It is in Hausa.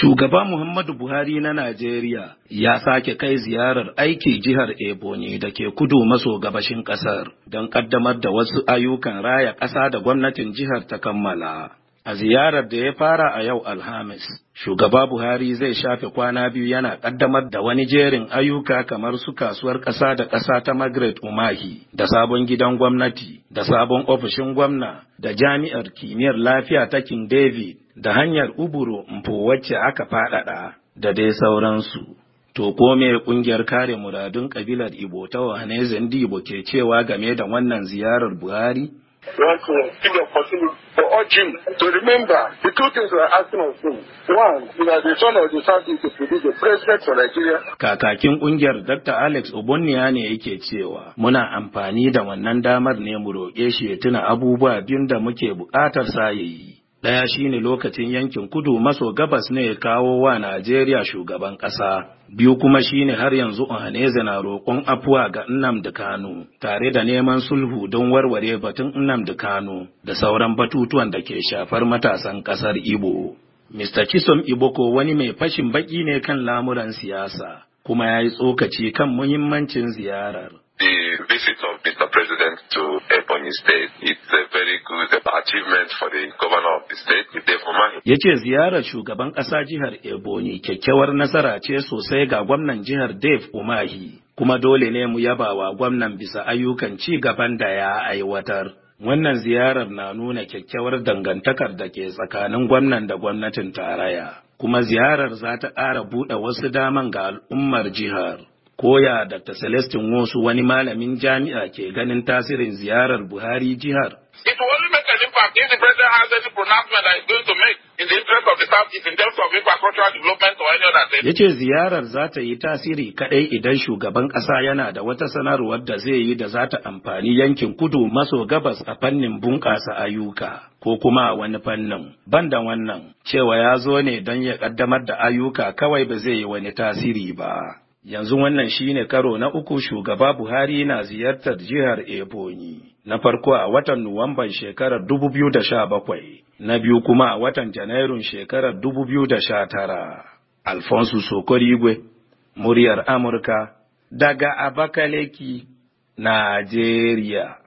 Shugaba Muhammadu Buhari na Najeriya ya sake kai ziyarar aiki jihar Ebonyi da ke kudu maso gabashin ƙasar don ƙaddamar da wasu ayyukan raya ƙasa da gwamnatin jihar ta kammala. A ziyarar da ya fara a yau Alhamis, shugaba Buhari zai shafe kwana biyu yana ƙaddamar da wani jerin ayyuka kamar su kasuwar ƙasa da ƙasa ta Margaret Umahi, da sabon gidan gwamnati, da sabon ofishin gwamna, da jami'ar kimiyyar lafiya ta King David, da hanyar Uburo Mpo wacce aka faɗaɗa, da dai sauransu. To ko me ƙungiyar kare muradun ƙabilar Ibo ta wahane Dibo ke cewa game da wannan ziyarar Buhari? We want to give the opportunity for all Jews to remember the two things we are asking of them. One, you know, the son of the South is to produce the president of Nigeria. Kakakin kungiyar Dr. Alex Obonnia ne yake cewa muna amfani da wannan damar ne mu roƙe shi ya tuna abubuwa biyun da muke buƙatar sa yi. Ɗaya shine lokacin yankin kudu maso gabas ne ya kawo wa Najeriya shugaban ƙasa. Biyu kuma shine har yanzu Ohaneze na roƙon afuwa ga Nnamdi Kano. tare da neman sulhu don warware batun Nnamdi Kano. da sauran batutuwan da ke shafar matasan ƙasar Ibo. Mr. Kisom Iboko wani mai fashin baƙi ne kan lamuran siyasa kuma ya yi tsokaci kan muhimmancin ziyarar. The visit of Mr. President to Ebonyi State, it Ya ce ziyarar shugaban ƙasa jihar Ebonyi kyakkyawar nasara ce sosai ga gwamnan jihar Dave Umahi, kuma dole ne mu yaba wa gwamnan bisa ayyukan ci gaban da ya aiwatar. Wannan ziyarar na nuna kyakkyawar dangantakar da ke tsakanin gwamnan da gwamnatin taraya, kuma ziyarar za ta ƙara buɗe wasu daman ga al'ummar jihar. Koya Dr. Celestin Wosu wani malamin jami'a ke ganin tasirin ziyarar Buhari jihar It will only make an impact if the president has any pronouncement that he's going to make in the interest of the Southeast in terms of infrastructural development or any other thing. Yace ziyarar za ta yi tasiri kadai idan shugaban kasa yana da wata sanarwar da zai yi da za ta amfani yankin kudu maso gabas a fannin bunƙasa ayyuka. Ko kuma wani fannin, banda wannan, cewa ya zo ne don ya ƙaddamar da ayyuka kawai ba zai yi wani tasiri ba. Yanzu wannan shine karo na uku shugaba Buhari na ziyartar jihar Ebonyi. na farko a watan Nuwamban shekarar bakwai na biyu kuma a watan Janairun shekarar 2019. Alfonso Sokorigwe, muryar Amurka, daga Abakaleki, Najeriya.